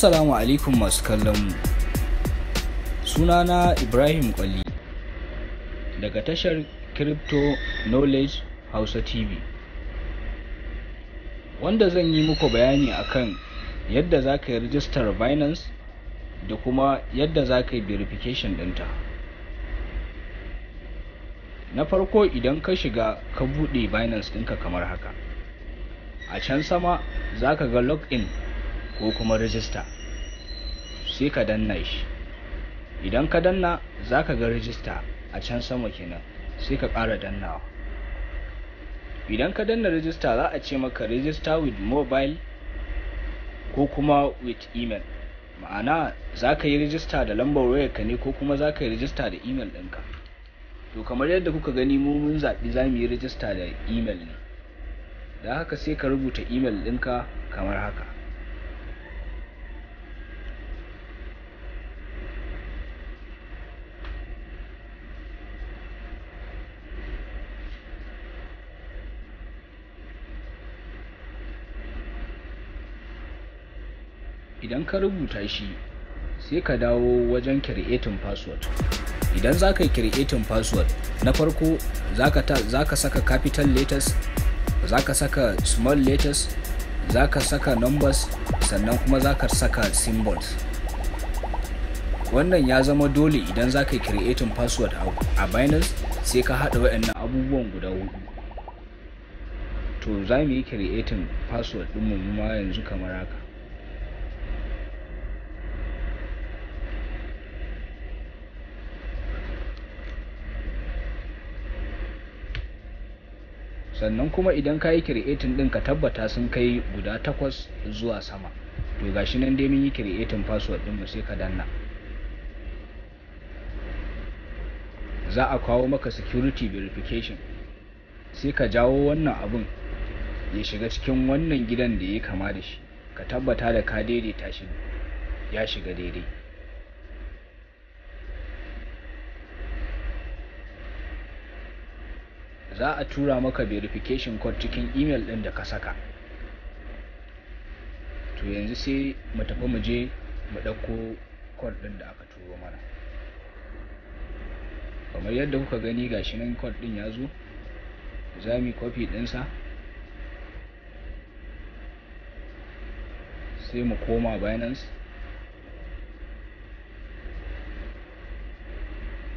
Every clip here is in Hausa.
Assalamu alaikum masu kallon mu. Sunana Ibrahim Kwali daga tashar Crypto Knowledge Hausa TV. Wanda zan yi muku bayani akan yadda za ka yi rijistar Binance da kuma yadda za ka yi verification ɗinta. Na farko idan ka shiga ka buɗe Binance ɗinka kamar haka. A can sama za ka ga login ko kuma rijista sai ka danna shi idan ka danna za ka ga rijista a can sama kenan sai ka ƙara dannawa idan ka danna rijista za a ce maka rijista with mobile ko kuma with email ma'ana za ka yi rijista da lambar wayarka ne ko kuma za ka yi rijista da email ɗinka to kamar yadda kuka gani mu mun zaɓi za mu yi rijista da email ne da haka sai ka rubuta email ɗinka kamar haka idan ka rubuta shi sai ka dawo wajen creating password idan za ka yi creating password na farko za ka saka capital letters za ka saka small letters za ka saka numbers sannan kuma za ka saka symbols wannan ya zama dole idan za ka yi creating password a binance sai ka haɗa waɗannan abubuwan guda hudu to za mu yi creating password ɗinmu ma yanzu kamar haka sannan kuma idan ka yi creating din ka tabbata sun kai guda takwas zuwa sama to gashi nan dai mun yi kiretin password ɗin mu sai ka danna za a kawo maka security verification sai ka jawo wannan abun ya shiga cikin wannan gidan da ya kama da shi ka tabbata da ka daidaita shi ya shiga daidai za a tura maka verification code cikin email ɗin da ka saka to yanzu sai mu tafi mu je mu ɗauko code ɗin da aka turo mana kamar yadda kuka gani gashi nan code ɗin ya zo za mu copy ɗinsa sai mu koma binance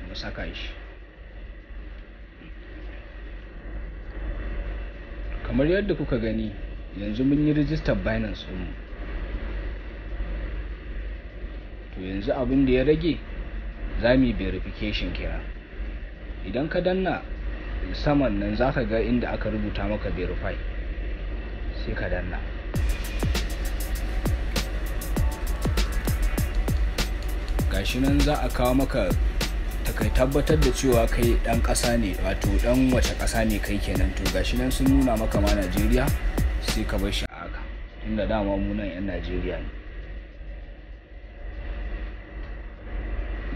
mu saka shi kamar yadda kuka gani yanzu mun yi rijistar binance mu to yanzu abin da ya rage za mu yi verification kira idan ka danna saman nan za ka ga inda aka rubuta maka verify sai ka danna gashi nan za a kawo maka ta tabbatar da cewa kai dan ƙasa ne wato dan wace ƙasa ne kai kenan to gashi nan sun nuna maka ma najeriya sai ka bar shi a haka tunda dama mu nan yan najeriya ne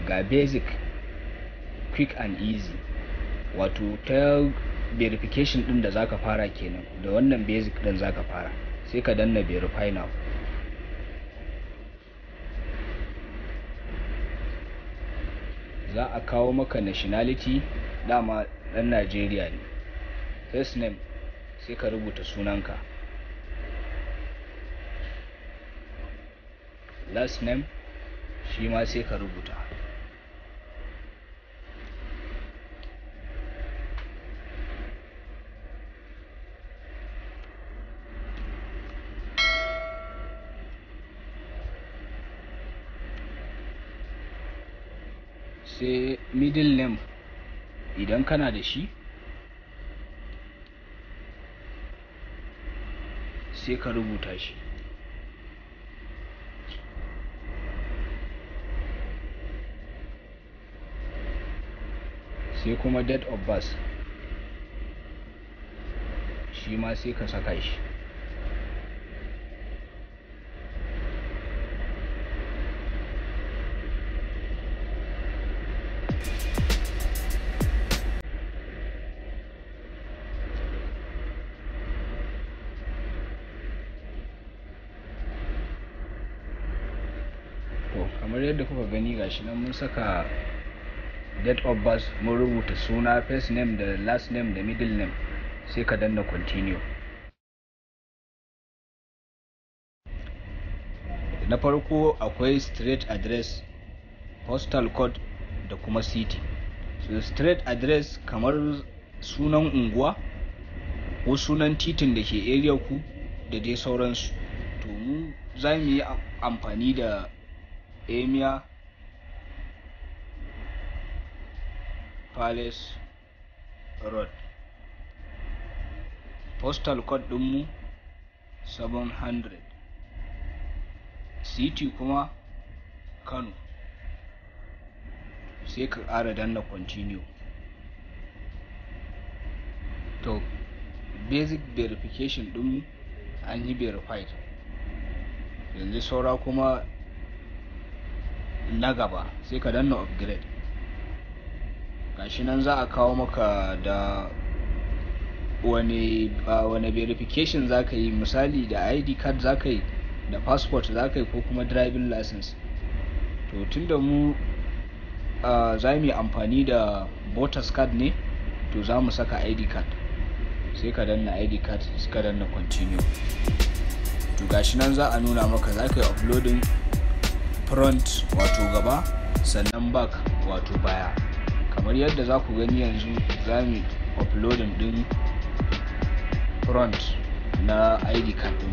ga basic quick and easy wato ta verification din da zaka fara kenan da wannan basic din zaka fara sai ka danna verify now za a kawo maka nationality dama dan Najeriya ne first name sai ka rubuta sunanka last name shi ma sai ka rubuta sai middle name idan kana da shi sai ka rubuta shi sai kuma date of birth shi ma sai ka saka shi yadda kuka gani gashi nan mun saka date of birth mun rubuta suna first name da last name da middle name sai ka danna continue na farko akwai street address postal code da kuma city so street address kamar sunan unguwa ko sunan titin da ke area ku da dai sauransu to mu za yi amfani da emia palace road postal code ɗinmu 700 city kuma kano sai ka ƙara danna continue to basic verification ɗinmu an yi verified yanzu saura kuma na gaba sai ka danna upgrade gashi nan za a kawo maka da wani wani verification za ka yi misali da id card za ka yi da passport za ka yi ko kuma driving license to tunda mu za mu yi amfani da voters card ne to za mu saka id card sai ka danna id card sai ka danna continue to gashi nan za a nuna maka za ka yi uploading front wato gaba sannan back wato baya kamar yadda za ku gani yanzu za mu uploading din front na id card din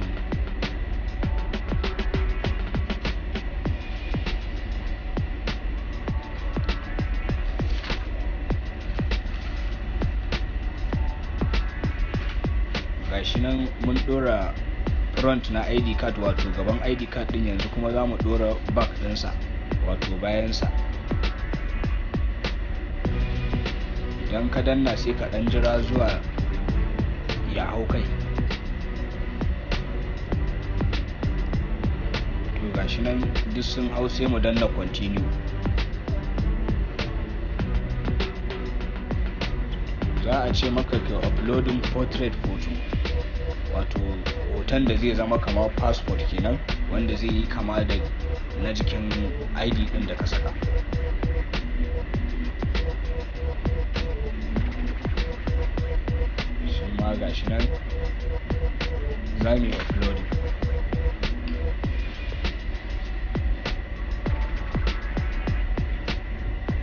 gashi nan mun dora front na id card wato gaban id card din yanzu kuma za mu dora back dinsa wato bayansa idan ka danna sai ka dan jira zuwa ya hau kai to gashi nan duk sun hau sai mu danna continue za a ce maka ka uploading portrait photo wato hoton da zai zama kamar passport kenan wanda zai yi kama da na jikin id ɗin da ka saka shi ma ga shi nan za mu yi uploading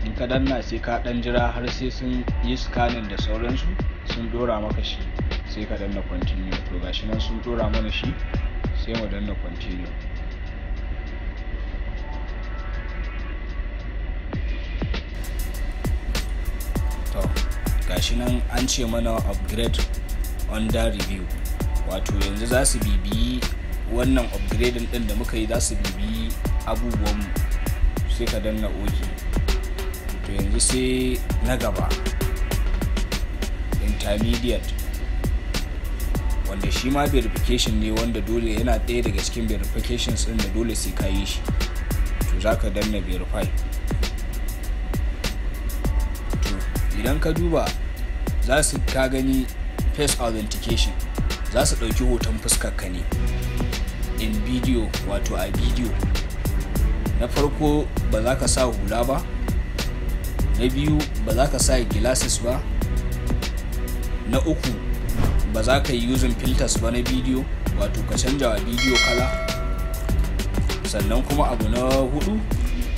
in ka danna sai ka ɗan jira har sai sun yi scanning da sauransu sun dora maka shi sai ka danna continue to gashi nan sun tura mana shi sai mu danna continue to gashi nan an ce mana upgrade under review wato yanzu za su bibi wannan upgrading din da muka yi za su bibi abubuwanmu sai ka danna oki to yanzu sai na gaba intermediate wanda shi ma verification ne wanda dole yana ɗaya daga cikin verifications ɗin da dole sai ka yi shi to za ka danna verify to idan ka duba za su ka gani face authentication za su ɗauki hoton fuskar ka ne in video wato a video na farko ba za ka sa hula ba na biyu ba za ka sa gilasis ba na uku ba za ka yi using filters ba na bidiyo wato ka canja wa bidiyo kala sannan kuma abu na hudu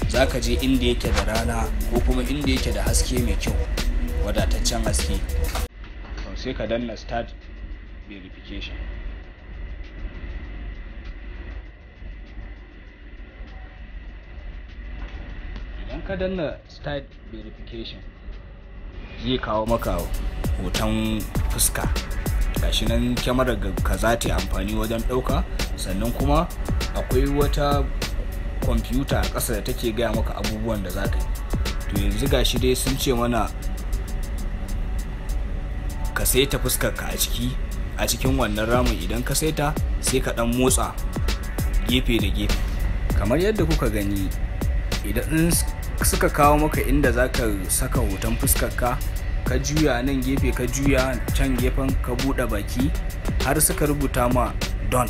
za ka je inda yake da rana ko kuma inda yake da haske mai kyau wadataccen haske sai ka danna start verification idan ka danna start verification zai kawo maka hoton fuska gashi nan kyamarar kaza ta amfani wajen ɗauka sannan kuma akwai wata kwamfuta a ƙasa da take gaya maka abubuwan da za ka yi to yanzu gashi dai sun ce mana ka saita fuskarka a ciki a cikin wannan ramin idan ka saita sai ka ɗan motsa gefe da gefe kamar yadda kuka gani idan suka kawo maka inda za ka saka hoton fuskarka ka juya nan gefe ka juya can gefen ka bude baki har suka rubuta ma don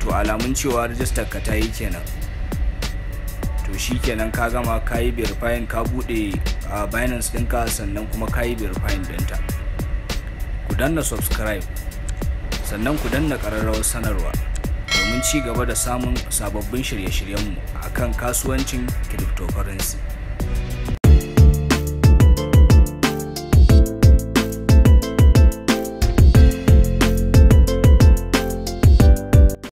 to alamun cewa rajistar ka ta yi kenan to shi kenan ka gama ka yi verifying ka bude a binance ɗinka sannan kuma ka yi verifying ɗinta ku danna subscribe sannan ku danna ƙararrawar sanarwa domin ci gaba da samun sababbin shirye-shiryenmu akan kasuwancin cryptocurrency